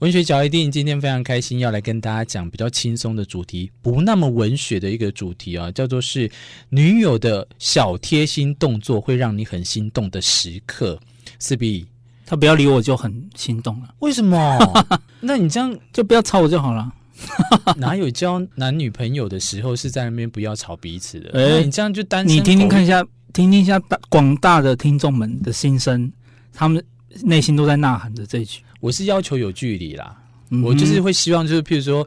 文學角一定今天非常開心，要來跟大家講比較輕鬆的主題，不那麼文學的一個主題啊，叫做是女友的小貼心動作會讓你很心動的時刻。四 B，他不要理我，就很心動了。為什麼？ 那你這樣就不要吵我就好了。 哪有交男女朋友的時候是在那邊不要吵彼此的？ 哎，你這樣就單純。你聽聽看一下，聽聽一下大廣大的聽眾們的心聲，他們。內心都在吶喊着這一句。我是要求有距離啦，嗯、哼我就是會希望，就是譬如說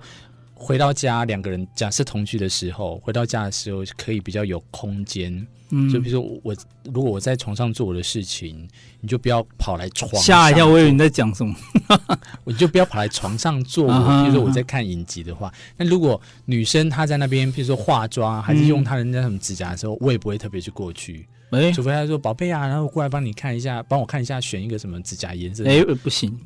回到家，兩個人假設同居的時候，回到家的時候可以比較有空間。嗯、就比如說我，我如果我在床上做我的事情，你就不要跑來床。嚇一下。我以為你在講什麼。 我就不要跑來床上做我。啊、哈譬如說我在看影集的話，啊、哈那如果女生她在那邊，譬如說化妝還是用她的那什麼指甲的時候，我也不會特別去過去。哎，除非他說：“寶貝啊，然後過來幫你看一下，幫我看一下，選一個什麼指甲顏色？”哎、欸，不行，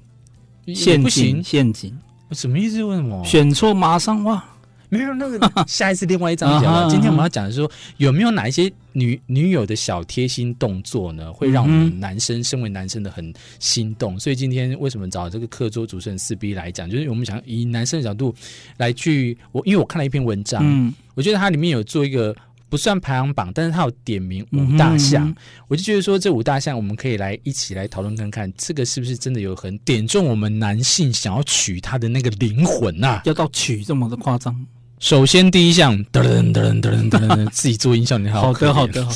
陷阱，欸，陷阱，什麼意思？為什麼選錯馬上忘？沒有那個， 下一次另外一張講。啊、呵呵，今天我們要講的是說，有沒有哪一些女女友的小貼心動作呢，會讓我們男生，身為男生的很心動？嗯、所以今天為什麼找這個課桌主持人四 B 來講？就是我們想以男生的角度來去，我因為我看了一篇文章，嗯、我覺得它裡面有做一個。不算排行榜，但是他有點名五大項，嗯哼嗯哼我就覺得說這五大項我們可以來一起來討論看看，這個是不是真的有很點中我們男性想要娶她的那個靈魂吶、啊？要到娶這麼的誇張。首先第一項，噔噔噔噔噔噔噔,噔,噔,噔，自己做音效 你好。好的好的好，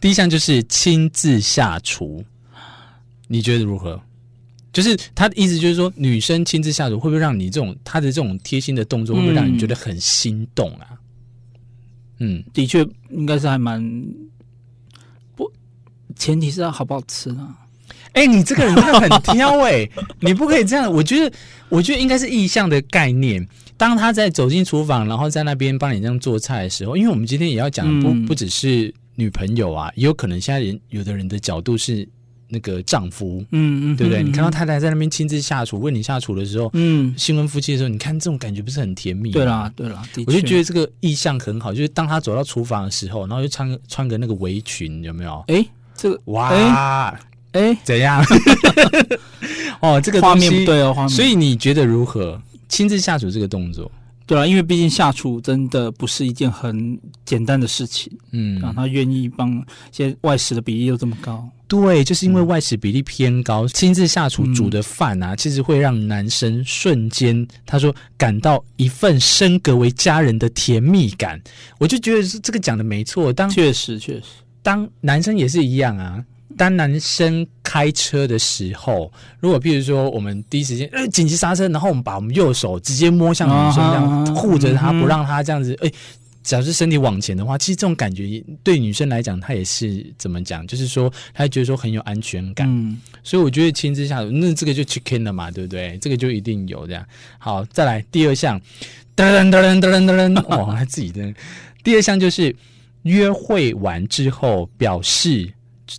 第一項就是親自下廚，你覺得如何？就是他的意思就是說，女生親自下廚會不會讓你這種她的這種貼心的動作，會不會讓你覺得很心動啊？嗯嗯，的確應該是還蠻不，前提是要好不好吃啊？哎、欸，你這個人真的很挑哎、欸， 你不可以這樣。我覺得，我覺得應該是意向的概念。當他在走進廚房，然後在那邊幫你這樣做菜的時候，因為我們今天也要講不、嗯、不只是女朋友啊，也有可能現在人有的人的角度是。那個丈夫，嗯嗯，嗯對不對？嗯嗯、你看到太太在那邊親自下廚，問你下廚的時候，嗯，新婚夫妻的時候，你看這種感覺不是很甜蜜？對啦，對啦，的確，我就覺得這個意象很好，就是當他走到廚房的時候，然後就穿個穿個那個圍裙，有沒有？哎、欸，這個哇，哎、欸，欸、怎樣？欸、 哦，這個畫面不對哦，畫面，所以你覺得如何？親自下廚這個動作？對啊，因為畢竟下廚真的不是一件很簡單的事情，嗯，然後，他願意幫些外食的比例又這麼高，對，就是因為外食比例偏高，嗯、親自下廚煮的飯啊，其實會讓男生瞬間，他說感到一份升格為家人的甜蜜感，我就覺得是這個講的沒錯，當確實確實，確實當男生也是一樣啊。當男生開車的時候，如果譬如說我們第一時間哎、呃、緊急剎車，然後我們把我們右手直接摸向女生這樣、嗯、護着他，不讓他這樣子哎、欸，假如是身體往前的話，其實這種感覺對女生來講，她也是怎麼講？就是說她覺得說很有安全感，嗯、所以我覺得親自下手，那這個就 Chicken 了嘛，對不對？這個就一定有這樣。好，再來第二項，噔噔噔噔噔噔噔，哦，他自己的第二項就是約會完之後表示。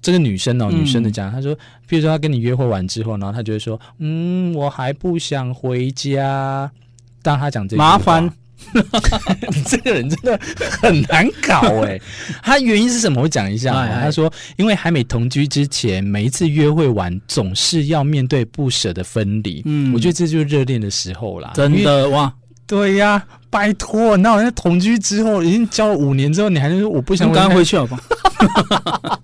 這個女生哦，女生的講，她說，譬如說她跟你約會完之後，呢，他她就會說，嗯，我還不想回家。當他講這句麻煩，你這個人真的很難搞哎。他原因是什麼？我講一下，他說，因為還沒同居之前，每一次約會完，總是要面對不舍的分離。嗯，我覺得這就是熱戀的時候啦。真的哇，對呀，拜托，那人家同居之後，已經交了五年之後，你還是我不想，我剛回去好不好。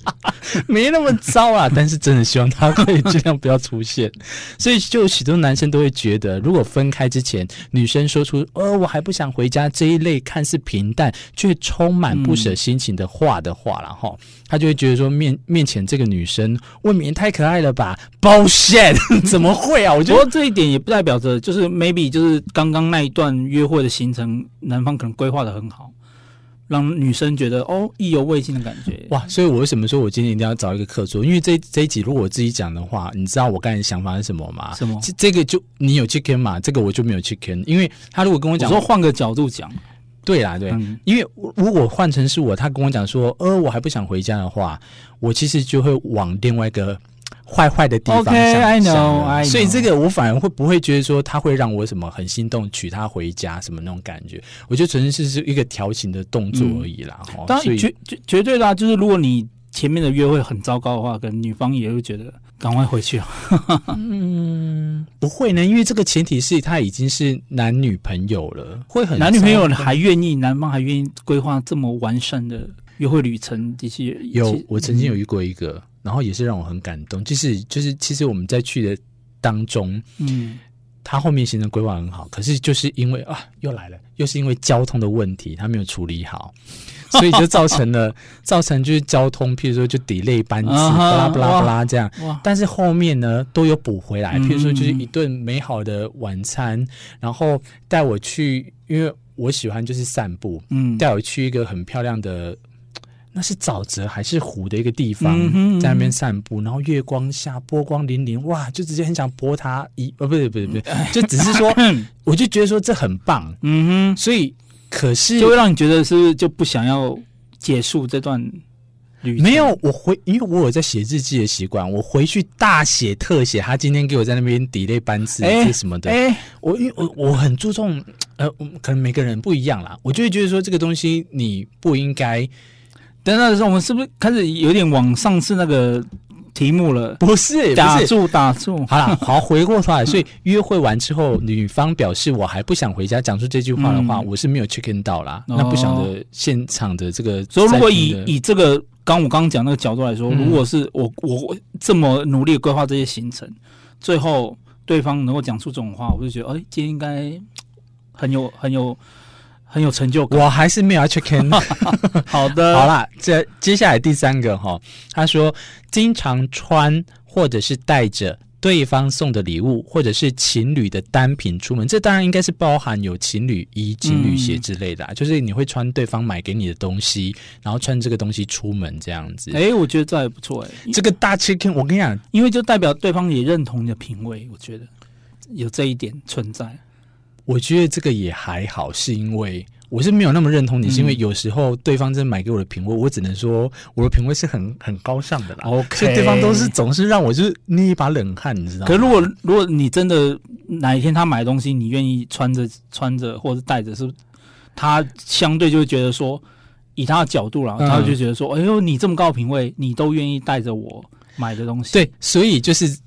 沒那麼糟啊，但是真的希望他可以盡量不要出現。 所以就許多男生都會覺得，如果分開之前女生說出“呃、哦，我還不想回家”這一類看似平淡卻充滿不捨心情的話的話，然後、嗯、他就會覺得說面面前這個女生未免太可愛了吧？shit 怎麼會啊？我覺得這一點也不代表着就是 maybe 就是剛剛那一段約會的行程，男方可能規劃得很好。讓女生覺得哦，意猶未盡的感覺哇！所以，我為什麼說我今天一定要找一個客座？因為這這一集如果我自己講的話，你知道我剛才想法是什麼嗎？什麼這？這個就你有 chicken 嘛？這個我就沒有 chicken。因為他如果跟我講說，換個角度講，對啦，對，嗯。因為如果換成是我，他跟我講說，呃，我還不想回家的話，我其實就會往另外一個。壞壞的地方，okay, I know, I know, 所以這個我反而會不會覺得說他會讓我什麼很心動，娶她回家什麼那種感覺？我覺得純粹是一個調情的動作而已啦、嗯。當然吼，但絕以絕絕對啦，就是如果你前面的約會很糟糕的話，可能女方也會覺得趕快回去。 嗯，不會呢，因為這個前提是他已經是男女朋友了，會很男女朋友還願意男方還願意規劃這麼完善的約會旅程一，這些。有，起我曾經有遇過一個。嗯然後也是讓我很感動，就是就是其實我們在去的當中，嗯，他後面行程規劃很好，可是就是因為啊，又來了，又是因為交通的問題，他沒有處理好，所以就造成了 造成就是交通，譬如說就 delay 班次，不啦不啦不啦這樣，Wow. 但是後面呢都有補回來，譬如說就是一頓美好的晚餐，嗯，然後帶我去，因為我喜歡就是散步，嗯，帶我去一個很漂亮的。那是沼澤還是湖的一個地方，嗯哼嗯哼，在那邊散步，然後月光下波光粼粼，哇，就直接很想撥他一、啊、不對不對不對，就只是說， 我就覺得說這很棒，嗯哼，所以可是就會讓你覺得是不是就不想要結束這段旅？沒有，我回，因為我有在寫日記的習慣，我回去大寫特寫他今天給我在那邊 delay 班次，欸、是什麼的。哎、欸，我因為我我很注重，呃，可能每個人不一樣啦，我就會覺得說這個東西你不應該。等那時候我們是不是開始有點往上次那個題目了？不是，打住打住，好了，好回過頭來。所以約會完之後，女方表示我還不想回家，講出這句話的話，嗯、我是沒有確認到啦。哦、那不想的現場的這個的，所以如果以以這個剛我剛剛講的那個角度來說，如果是我我這麼努力的規劃這些行程，嗯、最後對方能夠講出這種話，我就覺得哎，今天應該很有很有。很有成就感，我還是沒有 check in 好的，好啦，這接下來第三個哈、哦，他說經常穿或者，是帶着對方送的禮物，或者是情侶的單品出門，這當然應該是包含有情侶衣、情侶鞋之類的啊，嗯、就是你會穿對方買給你的東西，然後穿這個東西出門這樣子。哎、欸，我覺得這還不錯哎、欸，這個大 check in，我跟你講，因為就代表對方也認同你的品味，我覺得有這一點存在。我覺得這個也還好，是因為我是沒有那麼認同你，是因為有時候對方真的買給我的品味，嗯、我只能說我的品味是很很高尚的啦。OK，所以對方都是總是讓我就是捏一把冷汗，你知道嗎？可是如果如果你真的哪一天他買的東西，你願意穿着穿着或者帶着，是不是？他相對就會覺得說，以他的角度啦，他就覺得說，嗯、哎呦，你這麼高的品味，你都願意帶着我買的東西，對，所以就是。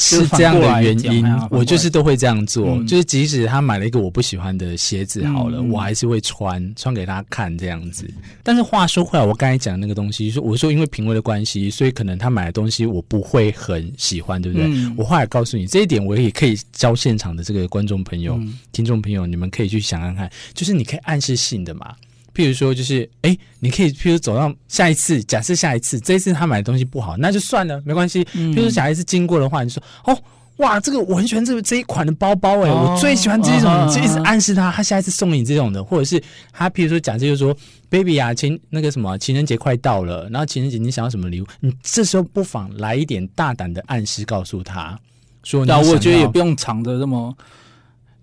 是這樣的原因，我就是都會這樣做。嗯、就是即使他買了一個我不喜歡的鞋子，好了，嗯、我還是會穿穿給他看這樣子。嗯、但是話說回來，我剛才講的那個東西，說我說因為品味的關係，所以可能他買的東西我不會很喜歡，對不對？嗯、我話也告訴你，這一點我也可以教現場的這個觀眾朋友、嗯、聽眾朋友，你們可以去想想看，看，就是你可以暗示性的嘛。比如說，就是哎、欸，你可以，譬如說走到下一次，假設下一次這一次他買的東西不好，那就算了，沒關係。譬如說下一次經過的話，嗯、你說哦，哇，這個我很喜歡這個這一款的包包哎、欸，哦、我最喜歡這一種，啊、你一直暗示他，他下一次送你這種的，或者是他譬如說假設就說、嗯、，baby 啊，情那個什麼情人節快到了，然後情人節你想要什麼禮物？你這時候不妨來一點大膽的暗示，告訴他，說你、啊，那我覺得也不用藏着這麼。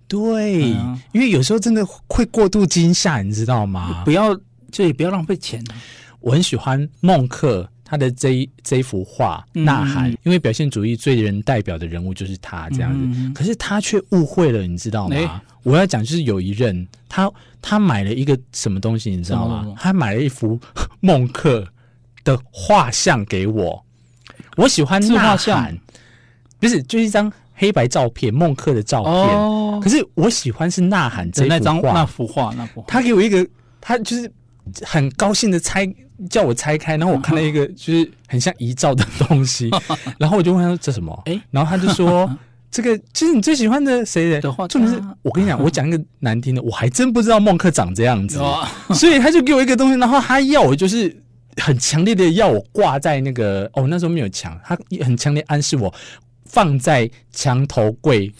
對，因為有時候真的會過度驚嚇，你知道嗎？不要，就也不要浪費錢。我很喜歡孟克他的這這幅畫《嗯、吶喊》，因為表現主義最人代表的人物就是他這樣子。嗯、可是他卻誤會了，你知道嗎？欸、我要講就是有一任，他他買了一個什麼東西，你知道嗎？麼他買了一幅孟克的畫像給我。我喜歡那畫像，不是就一張。黑白照片，孟克的照片。哦、可是我喜歡是《吶喊這幅》這那張畫，那幅畫，那幅。他給我一個，他就是很高興的拆，叫我拆開，然後我看到一個就是很像遺照的東西，嗯哦、然後我就問他 說：“這什麼？”誒、欸，然後他就說：“ 這個其實你最喜歡的誰的畫話。”就是我跟你講，我講一個難聽的， 我還真不知道孟克長這樣子，有啊、 所以他就給我一個東西，然後他要我就是很強烈的要我掛在那個哦，那時候沒有牆，他很強烈的暗示我。放在牆頭櫃，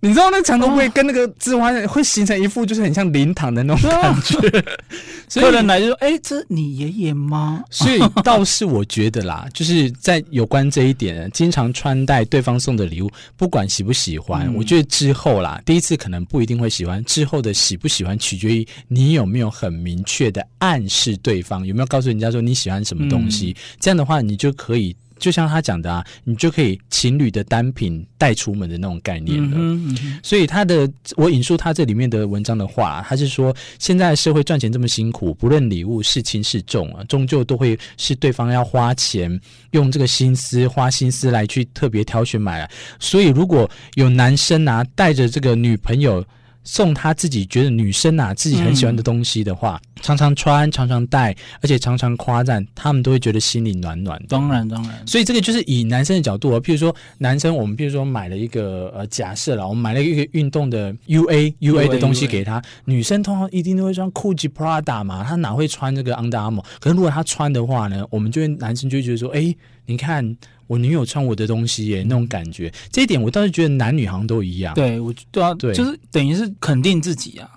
你知道那牆頭櫃跟那個字畫，會形成一副就是很像靈堂的那種感覺。 所以客人來就說，哎、欸，這是你爺爺嗎？所以倒是我覺得啦，就是在有關這一點，經常穿戴對方送的禮物，不管喜不喜歡，嗯、我覺得之後啦，第一次可能不一定會喜歡，之後的喜不喜歡取決於你有沒有很明確的暗示對方，有沒有告訴人家說你喜歡什麼東西。嗯、這樣的話，你就可以。就像他講的啊，你就可以情侶的單品帶出門的那種概念了。嗯嗯，所以他的我引述他這裡面的文章的話，啊，他是說，現在社會賺錢這麼辛苦，不論禮物是輕是重啊，終究都會是對方要花錢用這個心思花心思來去特別挑選買啊。所以如果有男生啊帶着這個女朋友。送他自己覺得女生啊自己很喜歡的東西的話，嗯、常常穿，常常戴，而且常常誇讚，他們都會覺得心裡暖暖的。嗯、當然，當然。所以這個就是以男生的角度啊，譬如說男生，我們譬如說買了一個呃，假設了，我們買了一個運動的 U A U A 的東西給他，UA UA 女生通常一定都會穿 Gucci Prada 嘛，她哪會穿這個 Under Armour？可是如果她穿的話呢，我們就會男生就會覺得說，哎、欸。你看我女友穿我的東西耶、欸，那種感覺，這一點我倒是覺得男女好像都一樣。對，我對啊，對就是等於是肯定自己啊。